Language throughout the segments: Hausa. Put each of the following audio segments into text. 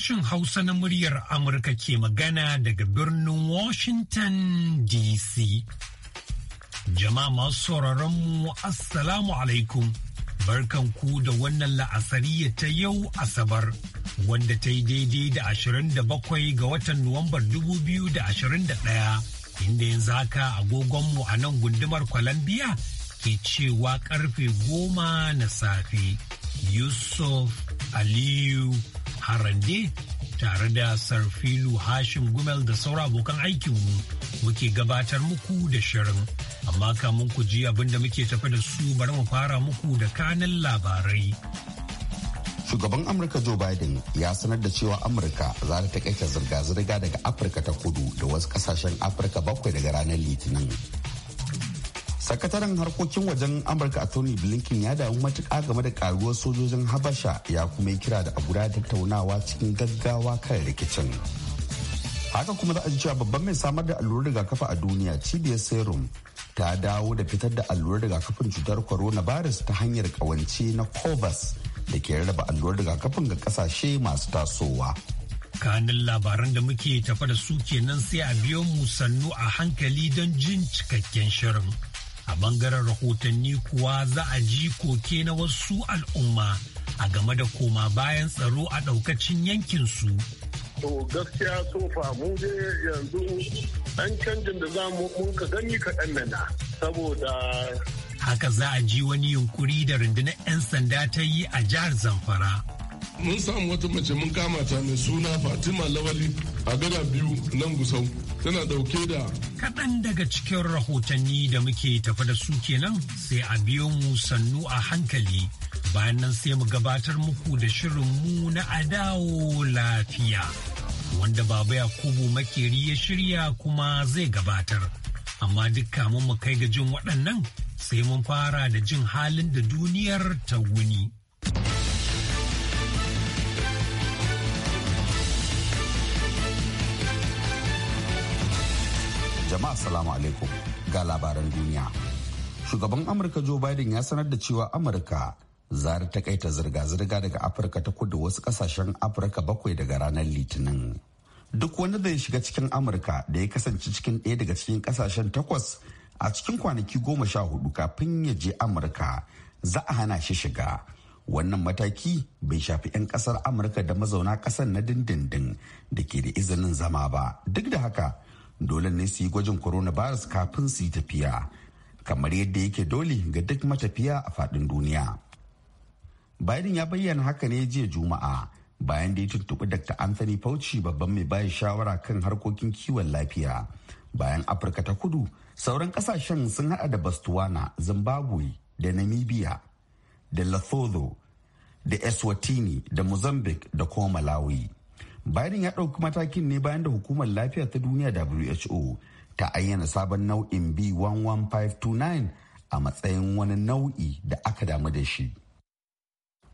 sashen Hausa na muryar Amurka ke magana daga birnin Washington DC. Jama'a masu sauraronmu Assalamu alaikum. ku da wannan la'asariya ta yau Asabar, wanda ta yi daidai da 27 ga watan Nuwambar 2021, inda yanzu haka agogonmu a nan gundumar Columbia ke cewa karfe goma na safe. Yusuf Aliyu harande tare da sarfilu hashim gumel da saura abokan aikinmu muke gabatar muku da shirin amma kamun ku ji abin da muke tafi da su bari mu fara muku da kanin labarai shugaban amurka joe biden ya sanar da cewa amurka za ta takaita zirga-zirga daga afirka ta kudu da wasu kasashen afirka bakwai daga ranar litinin sakataren harkokin wajen amurka a tony blinken ya damu matuka game da karuwar sojojin habasha ya kuma kira da a tattaunawa cikin gaggawa kan rikicin haka kuma za a ji cewa babban mai samar da allurar rigakafi a duniya cibiyar serum ta dawo da fitar da allurar rigakafin cutar coronavirus ta hanyar kawance na covas da ke raba allurar rigakafin ga kasashe masu tasowa kanin labaran da muke tafa da su kenan sai a biyo mu sannu a hankali don jin cikakken shirin a bangaren rahotanni kuwa za a ji koke na wasu al'umma a game da koma bayan tsaro a ɗaukacin yankinsu. To gaskiya sofa mu dai yanzu ɗan canjin da za mu ka gani kaɗan na saboda haka za a ji wani yunkuri da rundunar 'yan sanda ta yi a jihar zamfara mun samu wata mace mun kama ta mai suna fatima lawali a gada biyu nan gusau tana dauke da kaɗan daga cikin rahotanni da muke tafa da su kenan sai a biyo mu sannu a hankali bayan nan sai mu gabatar muku da shirin mu na adawo lafiya wanda baba yakubu makeri ya shirya kuma zai gabatar amma duk kamun mu kai ga jin waɗannan sai mun fara da jin halin da duniyar ta wuni. jama'a salamu alaikum ga labaran duniya. Shugaban Amurka Joe Biden ya sanar da cewa Amurka za ta kaita zirga-zirga daga Afirka ta kudu wasu kasashen Afirka bakwai daga ranar Litinin. Duk wanda ya shiga cikin Amurka da ya kasance cikin ɗaya daga cikin kasashen takwas a cikin kwanaki goma sha hudu kafin ya je Amurka za a hana shi shiga. wannan mataki bai shafi 'yan kasar amurka da mazauna kasar na dindindin da ke da izinin zama ba duk da haka dole ne su yi gwajin coronavirus kafin su yi tafiya kamar yadda yake dole ga duk matafiya a faɗin duniya. Biden ya bayyana haka ne jiya Juma'a bayan da ya tuntuɓi Dr. Anthony Fauci babban mai bayan shawara kan harkokin kiwon lafiya. Bayan Afirka ta kudu, sauran kasashen sun hada da Botswana, Zimbabwe da Namibia da Lesotho da Eswatini da Mozambique da kuma Malawi. Biden ya ɗauki matakin ne bayan da hukumar lafiya ta duniya WHO ta ayyana sabon nau'in B11529 a matsayin wani nau'i da aka damu da shi.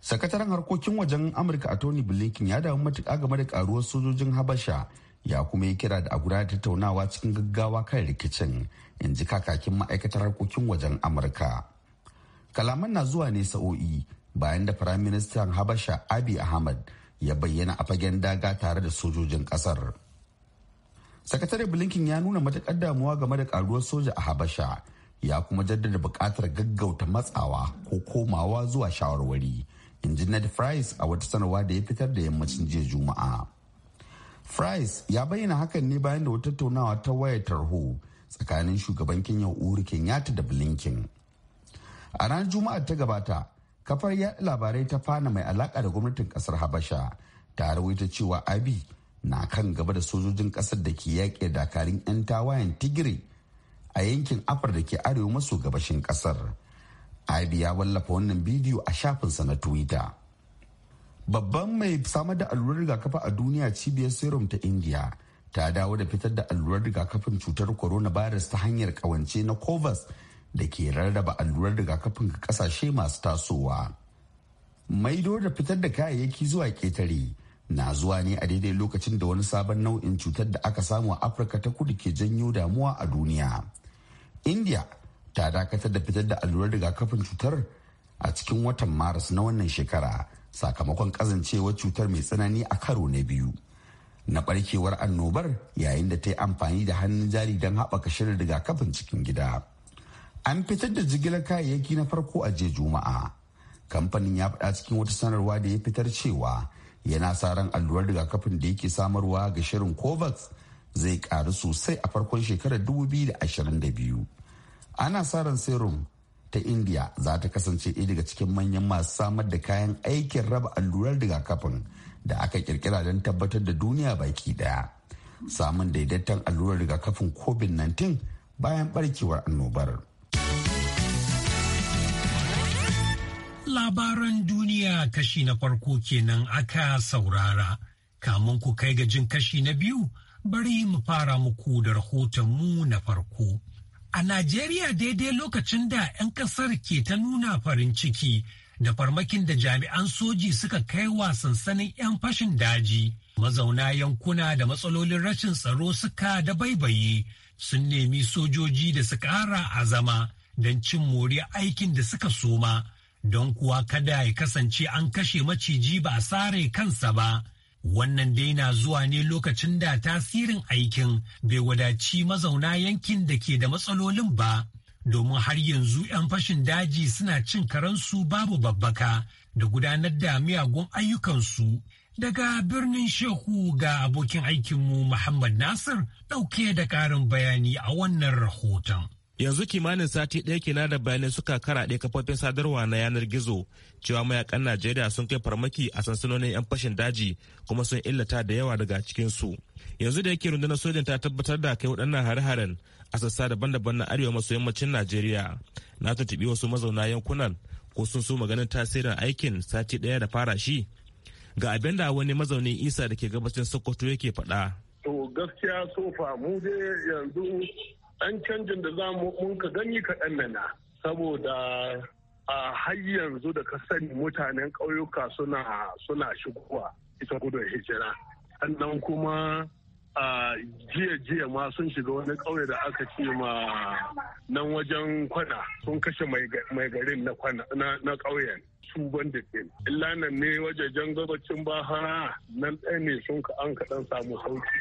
Sakataren harkokin wajen Amurka a Tony Blinken ya damu matuƙa game da ƙaruwar sojojin Habasha ya kuma yi kira da agura da tattaunawa cikin gaggawa kan rikicin in ji kakakin ma'aikatar harkokin wajen Amurka. Kalaman na zuwa ne sa'o'i bayan da Firaministan Habasha Abiy Ahmad ya bayyana a fagen daga tare da sojojin kasar sakatare blinken ya nuna matuƙar damuwa game da karuwar soja a habasha ya kuma jaddada bukatar gaggauta matsawa ko komawa zuwa shawarwari in ji ned price a wata sanarwa da ya fitar da yammacin jiya juma'a price ya bayyana hakan ne bayan da wata tattaunawa ta wayar tarho tsakanin shugaban kenya uhuru kenyatta da blinken a ranar juma'a ta gabata kafar yaɗa labarai ta fana mai alaƙa da gwamnatin ƙasar habasha ta rawaita cewa abi na kan gaba da sojojin ƙasar da ke yaƙi dakarun 'yan tawayen tigiri a yankin afar da ke arewa maso gabashin ƙasar, abi ya wallafa wannan bidiyo a shafinsa na twitter babban mai samar da allurar rigakafi a duniya cibiyar serum ta india ta dawo da fitar da allurar rigakafin cutar corona coronavirus ta hanyar kawance na covax da ke rarraba allurar rigakafin ga kasashe masu tasowa. Maido da fitar da kayayyaki zuwa ketare na zuwa ne a daidai lokacin da wani sabon nau'in cutar da aka samu a Afirka ta kudu ke janyo damuwa a duniya. India ta dakatar da fitar da allurar rigakafin cutar a cikin watan Maris na wannan shekara sakamakon kazancewar cutar mai tsanani a karo na biyu. na barkewar annobar yayin da ta yi amfani da hannun jari don haɓaka shirin rigakafin cikin gida. an fitar da jigilar kayayyaki na farko a jiya juma'a kamfanin ya faɗa cikin wata sanarwa da ya fitar cewa yana sa ran allurar rigakafin da yake samarwa ga shirin covax zai karu sosai a farkon shekarar 2022 ana sa ran serum ta india za ta kasance ɗaya daga cikin manyan masu samar da kayan aikin raba allurar rigakafin da aka kirkira don tabbatar da duniya baki daya samun daidaiton allurar rigakafin covid-19 bayan barkewar annobar. Labaran duniya kashi na farko kenan aka saurara. Kamun ku kai gajin kashi na biyu bari mu fara muku da rahoton mu na farko. A Najeriya daidai lokacin da 'yan kasar ke ta nuna farin ciki da farmakin da jami'an soji suka kai wa sansanin 'yan fashin daji. Mazauna yankuna da matsalolin rashin tsaro suka da baibaye sun nemi sojoji da su ƙara azama don cin moriya aikin da suka soma. don kuwa kada ya kasance an kashe maciji ba a sare kansa ba. Wannan dai na zuwa ne lokacin da tasirin aikin bai wadaci mazauna yankin da ke da matsalolin ba, domin har yanzu 'yan fashin daji suna cin karansu babu babbaka da gudanar da miyagun ayyukansu. Daga birnin Shehu ga abokin aikinmu Muhammad Nasir ɗauke da ƙarin bayani a wannan rahoton. yanzu kimanin sati ɗaya kenan da bayanai suka kara karaɗe kafofin sadarwa na yanar gizo cewa mayakan najeriya sun kai farmaki a sansanonin 'yan fashin daji kuma sun illata da yawa daga cikinsu yanzu da yake rundunar sojin ta tabbatar da kai waɗannan hare-haren a sassa daban-daban na arewa maso yammacin najeriya na tuntuɓi wasu mazauna yankunan ko sun so maganin tasirin aikin sati ɗaya da fara shi ga abin da wani mazaunin isa da ke gabacin sokoto yake faɗa. to gaskiya so mu dai yanzu ɗan canjin da za mun ka gani kaɗan nana saboda a har yanzu da ka sani mutanen ƙauyuka suna suna shigowa ita gudun hijira sannan kuma a jiya jiya ma sun shiga wani ƙauye da aka ce ma nan wajen kwana sun kashe mai garin na ƙauyen su bandit illa nan ne wajajen gabacin bahara nan ɗaya ne sun ka an kaɗan samu sauki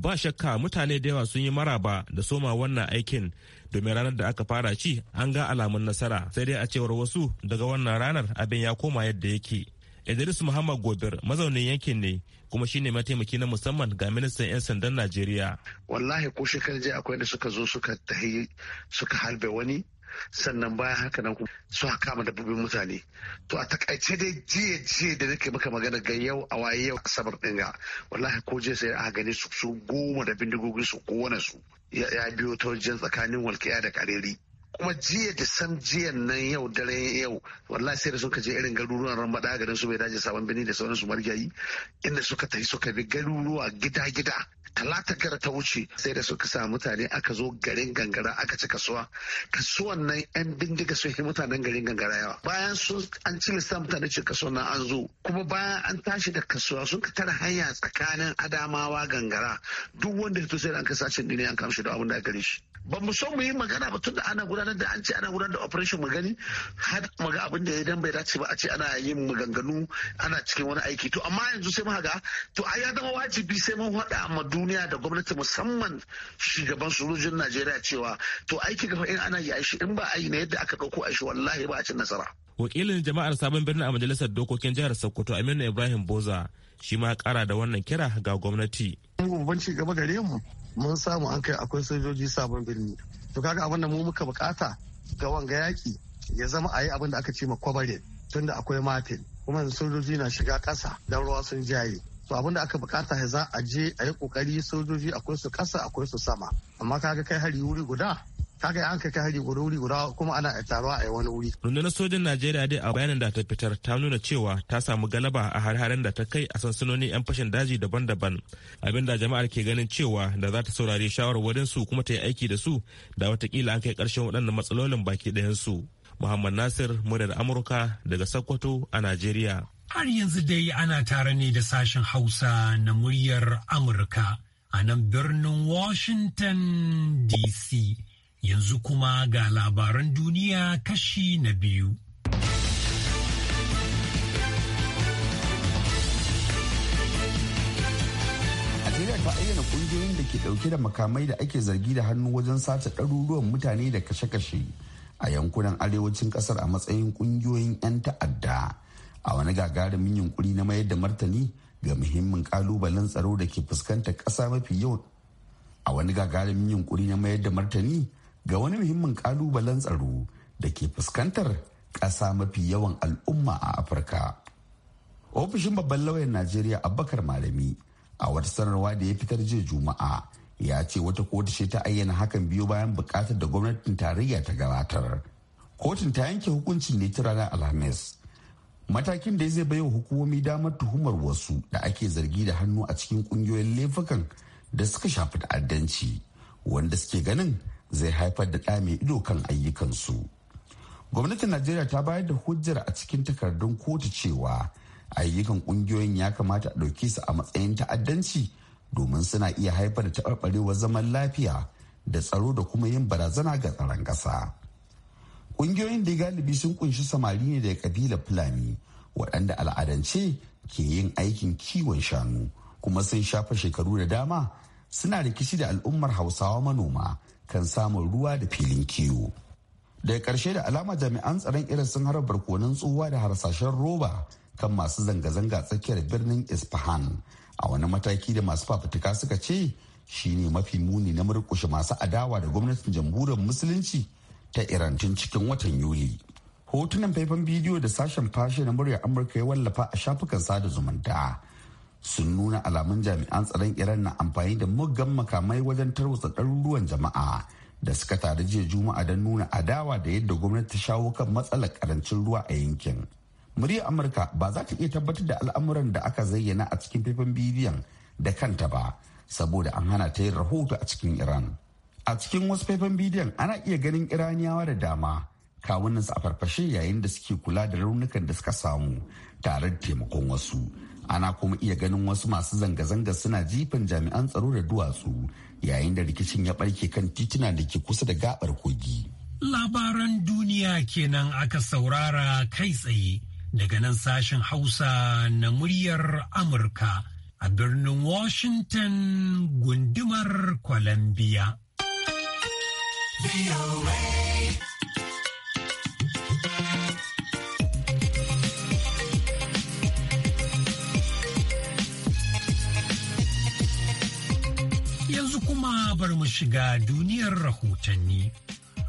ba shakka mutane da yawa sun yi maraba da soma wannan aikin domin ranar da aka fara ci an ga alamun nasara sai dai a cewar wasu daga wannan ranar abin ya koma yadda yake idris muhammad gobir mazaunin yankin ne kuma shine mataimaki na musamman ga ministan 'yan sandan najeriya wallahi ko shekar je akwai da suka zo suka tahi suka halbe wani sannan bayan haka nan su kama da bubin mutane to a takaice dai jiya jiye da nake maka magana ga yau a waye yau asabar din ga wallahi ko jiya sai a gani su goma da bindigogin su wani su ya biyo ta wajen tsakanin walƙiya da kareri kuma jiya da sam jiyan nan yau daren yau wallahi sai da suka je irin garuruwan ramada garin su bai dace sabon birni da sauransu margayi inda suka tafi suka bi garuruwa gida-gida talata gara ta wuce sai da suka sa mutane aka zo garin gangara aka ci kasuwa kasuwan nan yan bindiga sun yi mutanen garin gangara yawa bayan sun an ci lissa mutane ci kasuwan nan an zo kuma bayan an tashi da kasuwa sun ka tara hanya tsakanin adamawa gangara duk wanda ya to sai an kasa cin dine an kamshi da abin da aka shi ba mu so mu yi magana ba tun da ana gudanar da an ce ana gudanar da operation magani har maga abin da ya dan bai dace ba a ce ana yin maganganu ana cikin wani aiki to amma yanzu sai muka to ai ya zama wajibi sai mun faɗa ma duniya da gwamnati musamman shugaban sojojin Najeriya cewa to aiki gaba in ana yi aishi in ba a yi na yadda aka a aishi wallahi ba a cin nasara. Wakilin jama'ar sabon birnin a majalisar dokokin jihar Sokoto Aminu Ibrahim Boza shi ma kara da wannan kira ga gwamnati. Bambanci gaba gare mu mun samu an kai akwai sojoji sabon birni to kaga abinda mu muka bukata ga wanga yaki ya zama a yi abinda aka ce ma kwabare tunda akwai matin kuma sojoji na shiga ƙasa dan ruwa sun jaye to abin da aka bukata ya za a je a yi kokari sojoji akwai su kasa akwai su sama amma kaga kai hari wuri guda kaga an kai hari guda wuri guda kuma ana taruwa a wani wuri rundunar sojin najeriya dai a bayanin da ta fitar ta nuna cewa ta samu galaba a har-haren da ta kai a sansanoni yan fashin daji daban-daban abinda jama'ar ke ganin cewa da za ta saurari shawarwarin su kuma ta yi aiki da su da watakila an kai karshen waɗannan matsalolin baki ɗayan su muhammad nasir muryar amurka daga sokoto a najeriya har yanzu dai ana tare ne da sashen hausa na muryar amurka a nan birnin washington dc Yanzu kuma ga labaran duniya kashi na biyu. Najeriya ta ayyana kungiyoyin da ke dauke da makamai da ake zargi da hannu wajen sace ɗaruruwan mutane da kashe-kashe a yankunan arewacin kasar a matsayin kungiyoyin 'yan ta'adda a wani gagarumin yunkuri na mayar da martani ga muhimmin kalubalen tsaro da ke fuskantar ƙasa mafi yau a wani gagarumin yunkuri na mayar da martani ga wani muhimmin kalubalen tsaro da ke fuskantar ƙasa mafi yawan al'umma a afirka ofishin babban lauyan najeriya abubakar malami a wata sanarwa da ya fitar jiya juma'a ya ce wata kotu ce ta ayyana hakan biyu bayan bukatar da gwamnatin tarayya ta gabatar kotun ta yanke hukuncin ne ta ranar alhamis matakin da zai baiwa hukumomi damar tuhumar wasu da ake zargi da hannu a cikin kungiyoyin laifukan da suka shafi ta'addanci wanda suke ganin zai haifar da ɗa mai ido kan ayyukansu gwamnatin najeriya ta bayar da hujjar a cikin takardun kotu cewa ayyukan ƙungiyoyin ya kamata a ɗauke su a matsayin ta'addanci domin suna iya haifar da taɓarɓarewar zaman lafiya da tsaro da kuma yin barazana ga tsaron ƙasa ƙungiyoyin da galibi sun kunshi samari ne daga ƙabilar fulani waɗanda al'adance ke yin aikin kiwon shanu kuma sun shafa shekaru da dama suna rikici da al'ummar hausawa manoma kan samun ruwa da filin kiwo daga ƙarshe da alama jami'an tsaron irin sun harba barkonan tsohuwa da harsashen roba kan masu zanga-zanga tsakiyar birnin isfahan a wani mataki da masu fafutuka suka ce shine mafi muni na murkushe masu adawa da gwamnatin jamhuriyar musulunci ta iran tun cikin watan yuli hotunan faifan bidiyo da sashen fashe na murya amurka ya wallafa a shafukan sada zumunta sun nuna alamun jami'an tsaron iran na amfani da muggan makamai wajen tarwatsa ɗaruruwan jama'a da suka taru jiya juma'a don nuna adawa da yadda gwamnati ta shawo kan matsalar karancin ruwa a yankin muryar amurka ba za ta iya tabbatar da al'amuran da aka zayyana a cikin faifan bidiyon da kanta ba saboda an hana ta yin rahoto a cikin iran a cikin wasu faifan bidiyon ana iya ganin iraniyawa da dama kawunansu a farfashe yayin da suke kula da raunukan da suka samu tare da taimakon wasu ana kuma iya ganin wasu masu zanga-zanga suna jifan jami'an tsaro da duwatsu yayin da rikicin ya barke kan tituna da ke kusa da gabar kogi. Labaran duniya kenan aka saurara kai tsaye daga nan sashen Hausa na muryar Amurka a birnin Washington gundumar Columbia. kuma bar mu shiga duniyar rahotanni.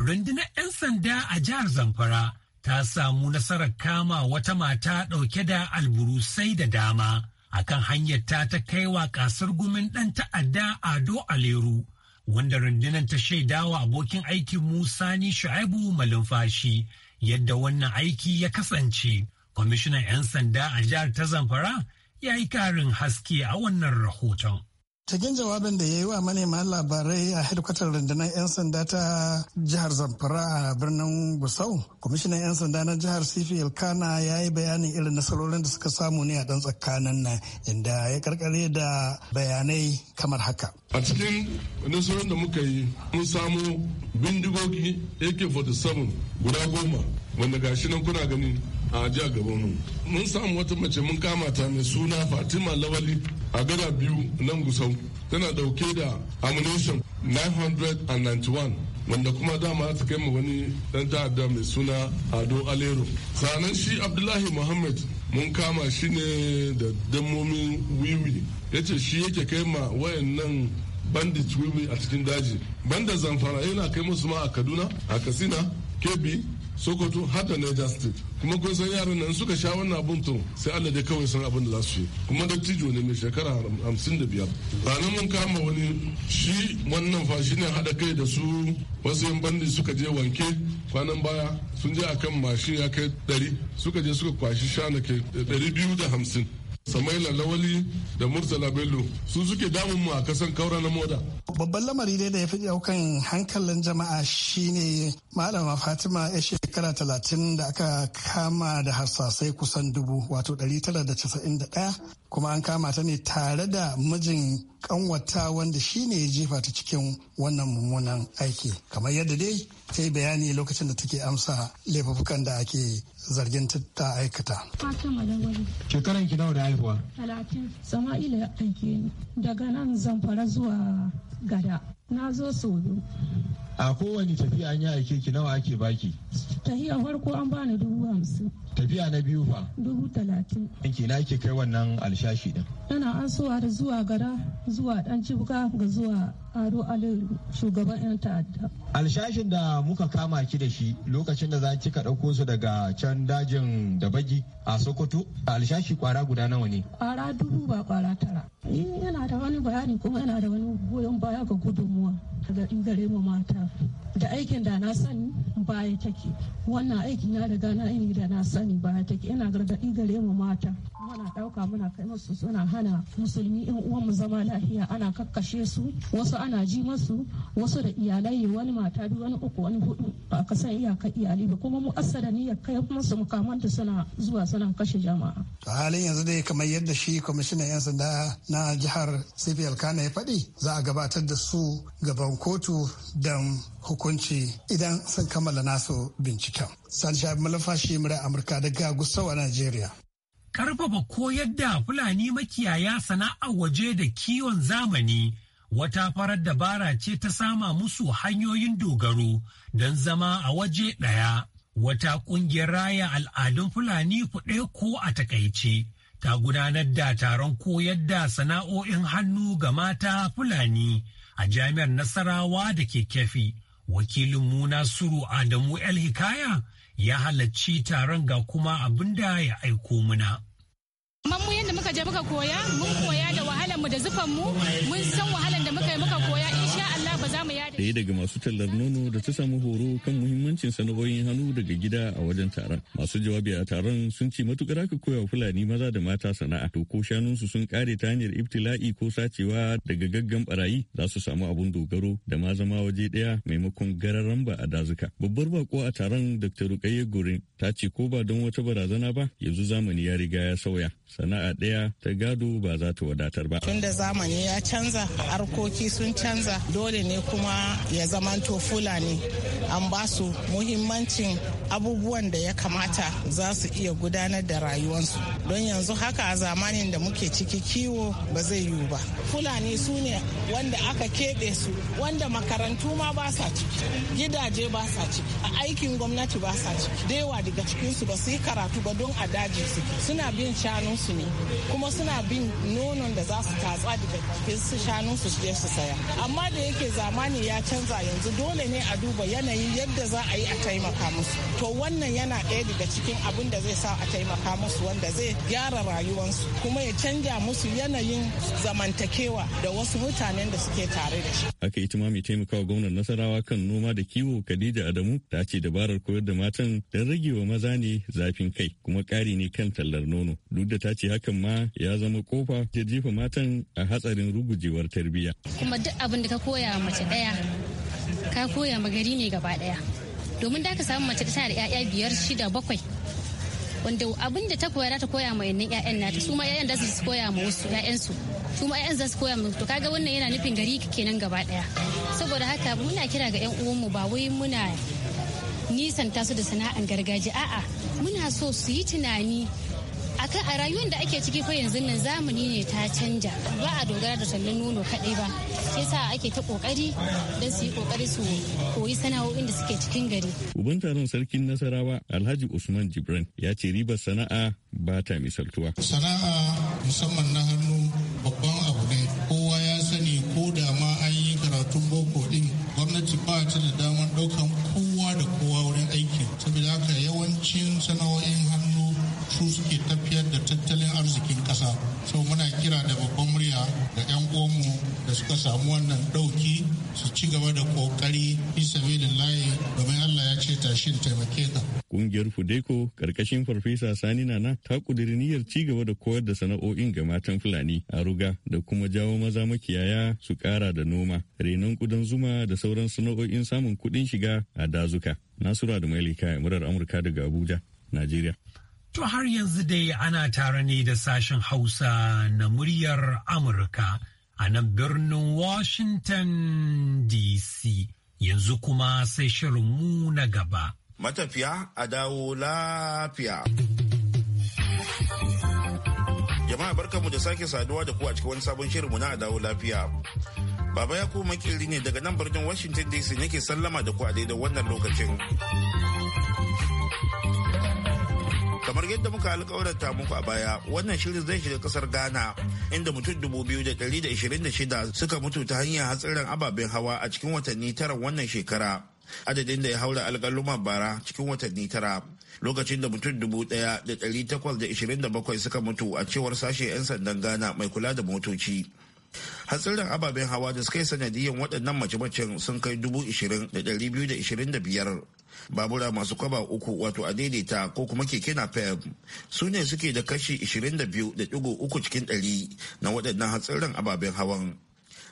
Rundunar 'yan sanda a jihar Zamfara ta samu nasarar kama wata mata ɗauke da alburusai da dama akan hanyar ta ta wa kasar gumin ɗan ta'adda Ado Aleru. wanda rundunar ta shaidawa abokin aikin Musa ni Shu'aibu Malumfashi yadda wannan aiki ya kasance. Kwamishinan 'yan sanda a jihar ta Zamfara ya yi karin haske a wannan rahoton. Cikin jawabin da ya yi wa manema labarai a hedkwatar rundunar 'yan sanda ta jihar Zamfara a birnin Gusau, kwamishinan 'yan sanda na jihar Sifi Ilkana ya yi bayanin irin nasarorin da suka samu ne a ɗan tsakanin nan inda ya karkare da bayanai kamar haka. A cikin nasarorin da muka yi mun samu bindigogi AK-47 guda goma wanda gashi nan kuna gani a jiya gaban mun samu wata mace mun kama ta mai suna fatima lawali a gada biyu nan gusau tana dauke da ammunition 991 wanda kuma dama ta kai ma wani dan ta'adda mai suna ado alero sanan shi abdullahi muhammad mun kama shi ne da damomin wiwi ya ce shi yake kai ma wayannan bandit wiwi a cikin daji banda zamfara yana kai musu ma a kaduna a katsina kebi sokoto haka ne da state kuma kun san yaran nan suka sha wannan abun to sai allah dai kawai san abun da za su yi kuma dattijo ne mai shekara hamsin da biyar ranar mun kama wani shi wannan fa shi ne haɗa kai da su wasu yan bandi suka je wanke kwanan baya sun je akan mashin ya kai ɗari suka je suka kwashi shanake ɗari biyu da hamsin Samaila Lawali da Murtala Bello su suke damun mu a kasan kaura na moda. Babban lamari dai da ya fi daukan hankalin jama'a shine Malama Fatima ya shekara talatin da aka kama da harsasai kusan dubu wato 991 kuma an kama ta ne tare da mijin kanwata wanda shi ne ya jefa ta cikin wannan mummunan aiki kamar yadda dai ta yi bayani lokacin da take amsa laifukan da ake zargin ta aikata. Shekaran ki nawa da haihuwa? Talatin. Sama'ila ya aike daga nan zamfara zuwa gada. Na zo solo. A kowane tafiya an yi aike ki nawa ake baki? Tahiya farko an bani dubu hamsin. tafiya na biyu fa dubu talatin yanki na ke kai wannan alshashi din yana asuwa da zuwa gara zuwa dan cibuka ga zuwa aro alin shugaban yan ta'adda alshashin da muka kama ki da shi lokacin da za ka ɗauko su daga can dajin da bagi a sokoto alshashi kwara guda nawa ne kwara dubu ba kwara tara yana da wani bayani kuma yana da wani goyon baya ga gudunmuwa daga gare mu mata da aikin da na sani baya take wannan aiki na riga na ini da na sani baya take ina gargaɗi gare mu mata muna ɗauka muna kai musu suna hana musulmi in uwan mu zama lafiya ana kakkashe su wasu ana ji masu wasu da iyalai wani mata biyu wani uku wani hudu ba ka iyaka iyali ba kuma mu asada niyyar kai musu mukamanta suna zuwa suna kashe jama'a. to halin yanzu dai kamar yadda shi kwamishinan yan sanda na jihar cpl kana ya faɗi za a gabatar da su gaban kotu dan. hukunci idan sun kammala nasu binciken. Sani Shabi Malafashi mura Amurka daga Gusau a Najeriya. Karfafa koyar da Fulani makiyaya sana'ar waje da kiwon zamani wata farar dabara ce ta sama musu hanyoyin dogaro don zama a waje ɗaya. Wata ƙungiyar raya al'adun Fulani kuɗe ko a takaice. ta gudanar da taron koyar da sana'o'in hannu ga mata Fulani a jami'ar Nasarawa da ke kefi wakilin mu Nasiru Adamu El Hikaya ya halarci taron ga kuma abin da ya aiko muna. da muka je muka koya mun koya da wahalar mu da zufan mu mun san wahalar da muka yi muka koya insha Allah ba za mu yada ɗaya daga masu tallar nono da ta samu horo kan muhimmancin sana'o'in hannu daga gida a wajen taron masu jawabi a taron sun ce matukar aka koya fulani maza da mata sana'a to ko shanunsu sun kare ta hanyar ibtila'i ko sacewa daga gaggan barayi za su samu abun dogaro da ma zama waje ɗaya maimakon gararan ba a dazuka babbar bako a taron dr rukayye gurin ta ce ko ba don wata barazana ba yanzu zamani ya riga ya sauya sana'a ɗaya ta gado ba za ta wadatar ba. tunda zamani ya canza, harkoki sun canza, dole ne kuma ya zamanto Fulani an ba su muhimmancin abubuwan da ya kamata za su iya gudanar da rayuwarsu. Don yanzu haka a zamanin da muke ciki kiwo ba zai yiwu ba. Fulani su ne wanda aka keɓe su, wanda makarantu ma ba sa ciki, gidaje ba sa ciki, a aikin gwamnati ba sa ciki. Da daga cikinsu ba su yi karatu ba don a daji su suna bin shanunsu ne kuma suna bin nonon da za su tatsa daga cikin su shanun su je su saya amma da yake zamani ya canza yanzu dole ne a duba yanayin yadda za a yi a taimaka musu to wannan yana ɗaya daga cikin abin da zai sa a taimaka musu wanda zai gyara rayuwarsu kuma ya canja musu yanayin zamantakewa da wasu mutanen da suke tare da shi haka ita ma mai taimakawa gwamnan nasarawa kan noma da kiwo khadija adamu ta ce dabarar koyar da matan don rage wa maza ne zafin kai kuma kari ne kan tallar nono duk da ta ce hakan amma ya zama kofa ke jefa matan a hatsarin rugujewar tarbiyya. Kuma duk abin da ka koya mace daya ka koya ma gari ne gaba daya Domin da ka samu mace tana da 'ya'ya biyar shida bakwai wanda abin da ta koya ta koya ma yannan 'ya'yan nata su ma 'ya'yan da su koya ma wasu yayan su ma 'ya'yan za su koya ma to kaga wannan yana nufin gari kenan gaba daya saboda haka muna kira ga 'yan uwanmu ba wai muna nisan tasu da sana'an gargajiya a'a muna so su yi tunani akan a rayuwar da ake ciki fa yanzu nan zamani ne ta canja ba a dogara da tallan nono kaɗai ba shi yasa ake ta kokari don su yi kokari su koyi sana'o'in da suke cikin gari uban taron sarkin nasarawa alhaji usman jibran ya ce ribar sana'a ba ta misaltuwa sana'a musamman na hannu Fudeko karkashin Farfesa Sani Nana ta kudiri niyyar ci gaba da koyar da sana'o'in ga matan Fulani a ruga da kuma jawo maza makiyaya su kara da noma, renon kudan zuma da sauran sana'o'in samun kuɗin shiga a dazuka. Nasura da a murar Amurka daga Abuja, Najeriya. To har yanzu dai ana tare ne da sashen Hausa na muryar Amurka a nan birnin Washington DC. Yanzu kuma sai shirinmu na gaba. matafiya a dawo lafiya. Jama'a barkanmu da sake saduwa da ku a cikin wani sabon shirinmu na a dawo lafiya. Baba ya kuma makiri ne daga nan birnin Washington DC nake sallama da ku a daidai wannan lokacin. kamar yadda muka alkawarta muku a baya wannan shirin zai shiga ƙasar ghana inda mutum da shida suka mutu ta hanyar hatsarin ababen hawa a cikin watanni tara wannan shekara adadin da ya haura alkaluma bara cikin watanni tara lokacin da mutum dubu ɗaya da ɗari takwas da ishirin da bakwai suka mutu a cewar sashe 'yan sandan ghana mai kula da motoci hatsarin ababen hawa da suka yi sanadiyan waɗannan mace-macen sun kai dubu ishirin da ɗari biyu da ishirin da biyar babura masu kwaba uku wato a daidaita ko kuma keke na pep su ne suke da kashi ishirin da biyu da ɗigo uku cikin ɗari na waɗannan hatsarin ababen hawan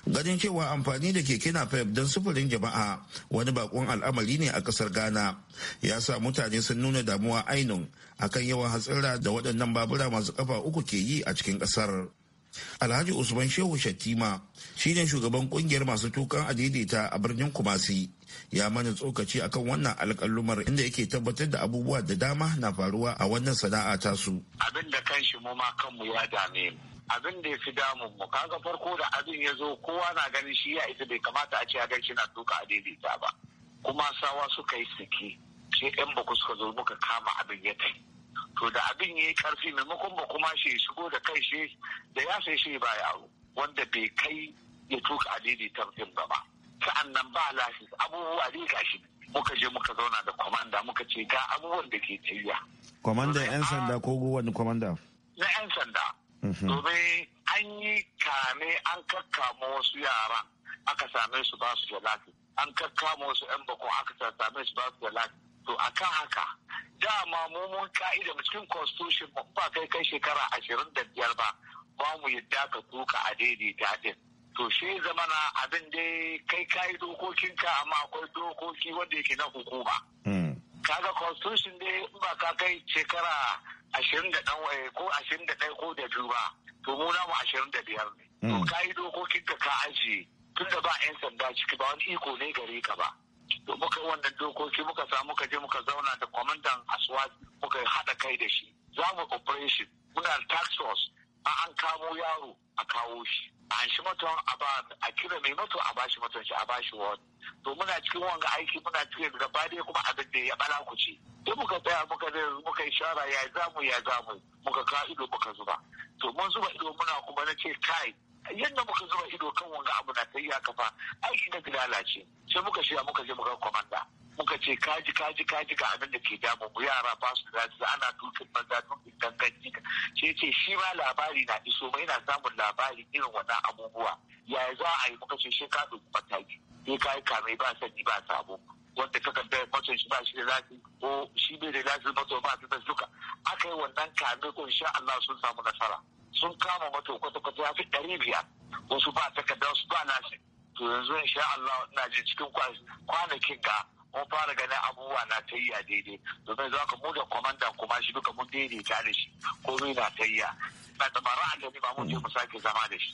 ganin cewa amfani da keke na napep don sufurin jama'a wani bakon al'amari ne a kasar ghana ya sa mutane sun nuna damuwa ainun akan yawan hatsira da waɗannan babura masu kafa uku ke yi a cikin ƙasar. alhaji usman shehu shattima shine shugaban kungiyar masu tukan adaidaita a birnin kumasi ya mana tsokaci akan wannan alƙalumar inda yake tabbatar da abubuwa da dama na faruwa a wannan sana'a tasu abin da kan shi mu ma kanmu ya dame abin da ya fi damun mu kaga farko da abin ya zo kowa na ganin shi ya isa bai kamata a ce ya gan na duka a daidaita ba kuma sawa suka yi sike, sai yan baku suka zo muka kama abin ya kai to da abin ya yi karfi maimakon ba kuma shi shigo da kai shi da ya sai shi ba yaro wanda bai kai ya tuka a daidaita din ba ba sa'an nan ba lafi abubuwa dai gashi muka je muka zauna da kwamanda muka ce ga abubuwan da ke tafiya. kwamanda yan sanda ko wani kwamanda na yan sanda Mhm. domin an yi kame an ma wasu yara aka same su ba su da an ma wasu 'yan bako aka same su ba su da to a kan haka dama mu mun ka'ida cikin constitution mu ba kai kai shekara ashirin da biyar ba ba mu yadda ka tuka a daidaita din to shi zamana abin dai kai kayi dokokinka amma akwai dokoki wanda yake na hukuma mm. kaga constitution dai in ba ka kai shekara ashirin da ɗan waye ko ashirin da ɗaya ko da biyu ba to mu namu ashirin da biyar ne. To hmm. ka yi dokokin da ka ajiye tun da ba 'yan sanda ciki ba wani iko ne gare ka ba. To muka wannan dokoki muka samu muka je muka zauna da kwamandan aswad muka haɗa kai da shi. Za mu operation muna tax force an kamo yaro a kawo shi. a shi mutum a ba a kira mai mutu a ba shi shi a ba shi wani to muna cikin wanga aiki muna cikin gaba dai kuma abin da ya bala ku ce sai muka tsaya muka da muka yi shara ya zamu ya zamu muka ka ido muka zuba to mun zuba ido muna kuma na ce kai yadda muka zuba ido kan wanga abu na sai ya kafa aiki na lalace sai muka shiga muka je muka komanda muka ce kaji kaji kaji ga abin da ke damu mu yara ba su da ana dukin maza dukin danganci sai ce shi ma labari na iso mai na samun labari irin wannan abubuwa yaya za a yi muka ce shi ka dubi mataki sai ka yi kame ba sani ba sabo wanda ka kanta mace shi ba shi da zafi ko shi bai da zafi mato ba su da duka aka yi wannan kame ko insha Allah sun samu nasara sun kama mato kwata-kwata ya fi ɗari biyar wasu ba takardar su ba nasi to yanzu insha Allah ina jin cikin kwanakin ga mun fara ganin abubuwa na tayya daidai domin za ka mu da kwamanda kuma shi duka mun daidaita da shi komai na tayya na tabara a gani ba mun je mu sake zama da shi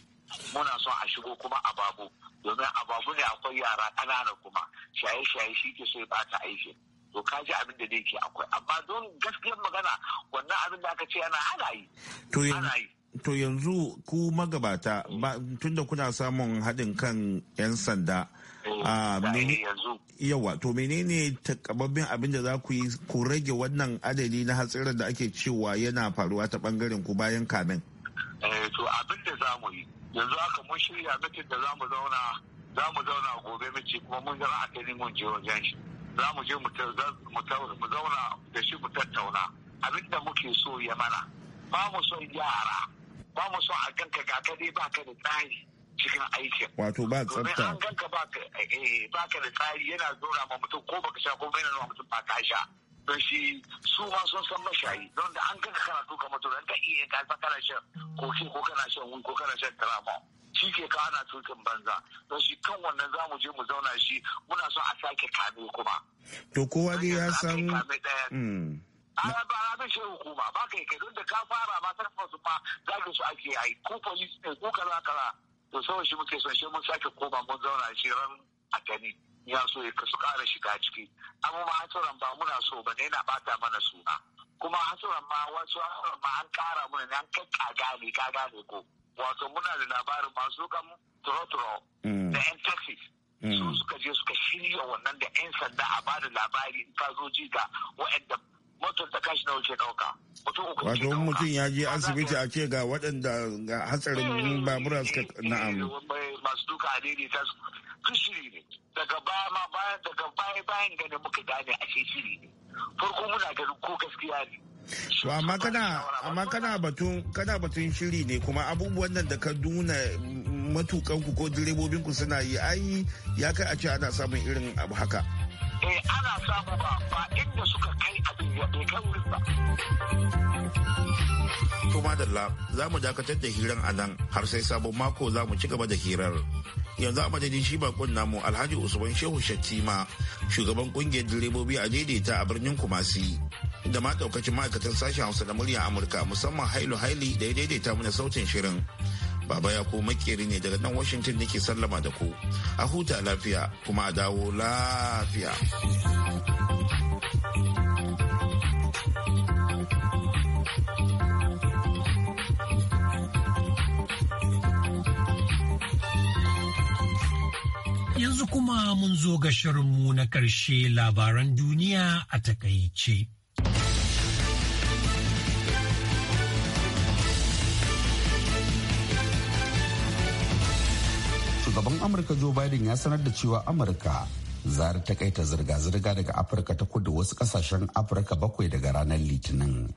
muna son a shigo kuma a babu domin a babu ne akwai yara ƙanana kuma shaye-shaye shi ke so ya bata aiki to ka ji abin da ke akwai amma don gaskiyar magana wannan abin da aka ce yana ana yi ana yi to yanzu ku magabata tunda kuna samun haɗin kan 'yan sanda Eh, ah, yawa to menene takababbin abin da za ku yi ku rage wannan adadi na hatsarin da ake cewa yana faruwa ta bangaren ku bayan kamin eh, to abin da za mu yi yanzu aka mun shirya mitin da za mu zauna za mu zauna gobe mace kuma mun zara a kai mun je wajen shi za mu je mu zauna da shi mu tattauna abin da muke so ya mana ba mu son yara ba mu son a ganka ga ba ka da tsari cikin aikin. Wato ba tsafta. Domin an ganka eh, ba ka da tsari yana zora ma mutum ko baka sha ko bai nuna mutum ba ka sha. Don shi su ma sun san mashayi don da an ganka kana tuka mutum don ka iya ka alfa kana shan koki ko kana shan wun ko kana shan tarama. Shi ke ka ana tukin banza don shi kan wannan za mu je mu zauna shi muna so a sake kame kuma. To kowa dai ya samu. a mm. ba bin shirin hukuma ba ka yi kai don da ka fara ba ta su fa za su ake yi ko police ne ko kala kala. to sama shi muke son shi mun sake koma mun zauna shi ran a gani ya so ya kasu kara shiga ciki amma ma hasuran ba muna so ba yana bata mana suna kuma hasuran ma wasu hasuran ma an kara mana ne an kai ka gane ko wato muna da labarin masu kan turo-turo mm. da yan taxi su mm. suka je suka shirya wannan da yan sanda a bada labari in ka zo ji ga wa'anda motar ta kashi na wuce dauka wato mutum ya je asibiti a ce ga waɗanda ga hatsarin eh, babura eh, suka eh, na'am masu duka a ta su shiri ne daga baya ma bayan daga baya bayan ganin muka gane a ce shiri ne farko muna ganin ko gaskiya ne to amma kana amma kana batun kana batun shiri ne kuma abubuwan nan da ka duna matukan ku ko direbobin ku suna yi ai ya kai a ce ana samun irin abu haka eh ana samu ba inda suka kai abin ya bai kai wurin ba to za mu dakatar da hirar a nan har sai sabon mako za mu ci gaba da hirar yanzu a madadin shi bakon namu alhaji usman shehu shattima shugaban kungiyar direbobi a daidaita a birnin kumasi da ma daukacin ma'aikatan sashen hausa da murya amurka musamman hailu haili da ya daidaita mana sautin shirin Baba ya ko makeri ne daga nan Washington yake sallama da ku. A huta lafiya kuma a dawo lafiya. Yanzu kuma mun zo ga shirinmu na ƙarshe labaran duniya a takaice. shugaban amurka joe biden ya sanar da cewa amurka za ta kaita zirga-zirga daga afirka ta kudu wasu kasashen afirka bakwai daga ranar litinin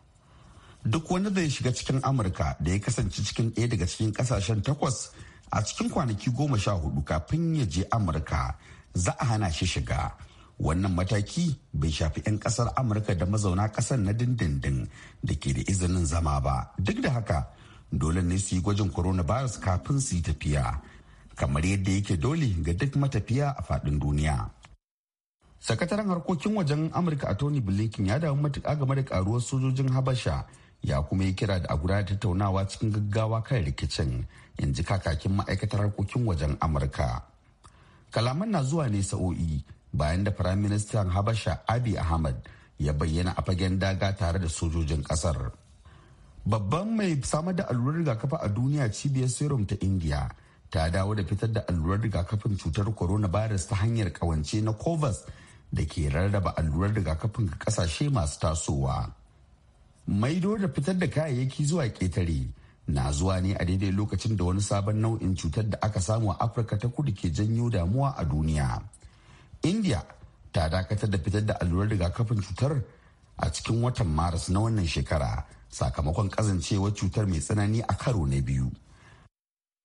duk wanda ya shiga cikin amurka da ya kasance cikin ɗaya daga cikin kasashen takwas a cikin kwanaki goma sha hudu kafin ya je amurka za a hana shi shiga wannan mataki bai shafi 'yan kasar amurka da mazauna kasar na dindindin da ke da izinin zama ba duk da haka dole ne su yi gwajin coronavirus kafin su yi tafiya kamar yadda yake dole ga duk matafiya a faɗin duniya. Sakataren harkokin wajen Amurka a Tony Blinken ya damu matuƙa game da ƙaruwar sojojin Habasha ya kuma yi kira da agura tattaunawa cikin gaggawa kan rikicin in ji kakakin ma'aikatar harkokin wajen Amurka. Kalaman na zuwa ne sa'o'i bayan da Firaministan Habasha Abiy Ahmad ya bayyana a fagen daga tare da sojojin ƙasar. Babban mai samar da allurar rigakafi a duniya cibiyar serum ta Indiya ta dawo da fitar da allurar rigakafin cutar corona coronavirus ta hanyar kawance na covax da ke rarraba allurar rigakafin ga kasashe masu tasowa maido da fitar da kayayyaki zuwa ketare na zuwa ne a daidai lokacin da wani sabon nau'in cutar da aka samu a afirka ta kudu ke janyo damuwa a duniya india ta dakatar da fitar da allurar rigakafin cutar a cikin watan maris na wannan shekara sakamakon kazancewar cutar mai tsanani a karo na biyu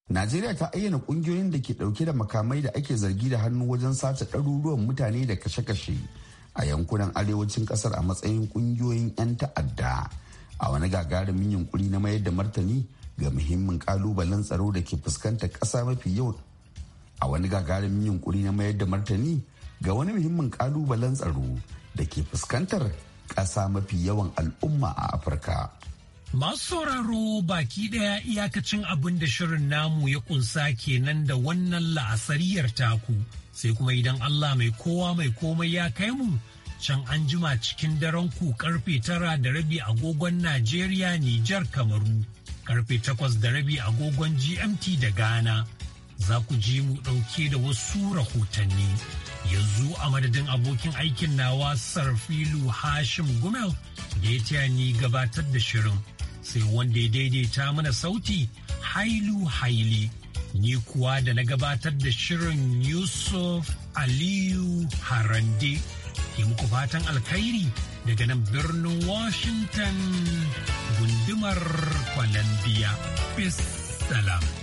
Najeriya ta ayyana kungiyoyin da ke dauke da makamai da ake zargi da hannu wajen sace ɗaruruwan mutane da kashe-kashe a yankunan arewacin kasar a matsayin kungiyoyin 'yan ta'adda a wani gagarumin yunkuri na mayar da martani ga muhimmin kalubalen tsaro da ke fuskanta ƙasa mafi yau a wani gagarumin yunkuri na mayar da martani ga wani muhimmin kalubalen tsaro da ke fuskantar ƙasa mafi yawan al'umma a afirka. Masu sauraro baki ɗaya iyakacin abin da shirin namu ya kunsa kenan da wannan la'asariyar taku, sai kuma idan Allah mai kowa mai komai ya kai mu can an jima cikin daren ku karfe tara da rabi agogon Najeriya Nijar Kamaru, karfe takwas da rabi agogon GMT da Ghana. Za ku ji mu ɗauke da wasu rahotanni. Yanzu a madadin abokin aikin nawa Sarfilu Hashim Gumel da ya ni gabatar da shirin. sai wanda ya daidaita mana sauti hailu haili ni kuwa da na gabatar da shirin yusuf aliyu harande ke muku fatan alkhairi daga nan birnin washington gundumar columbia peace salam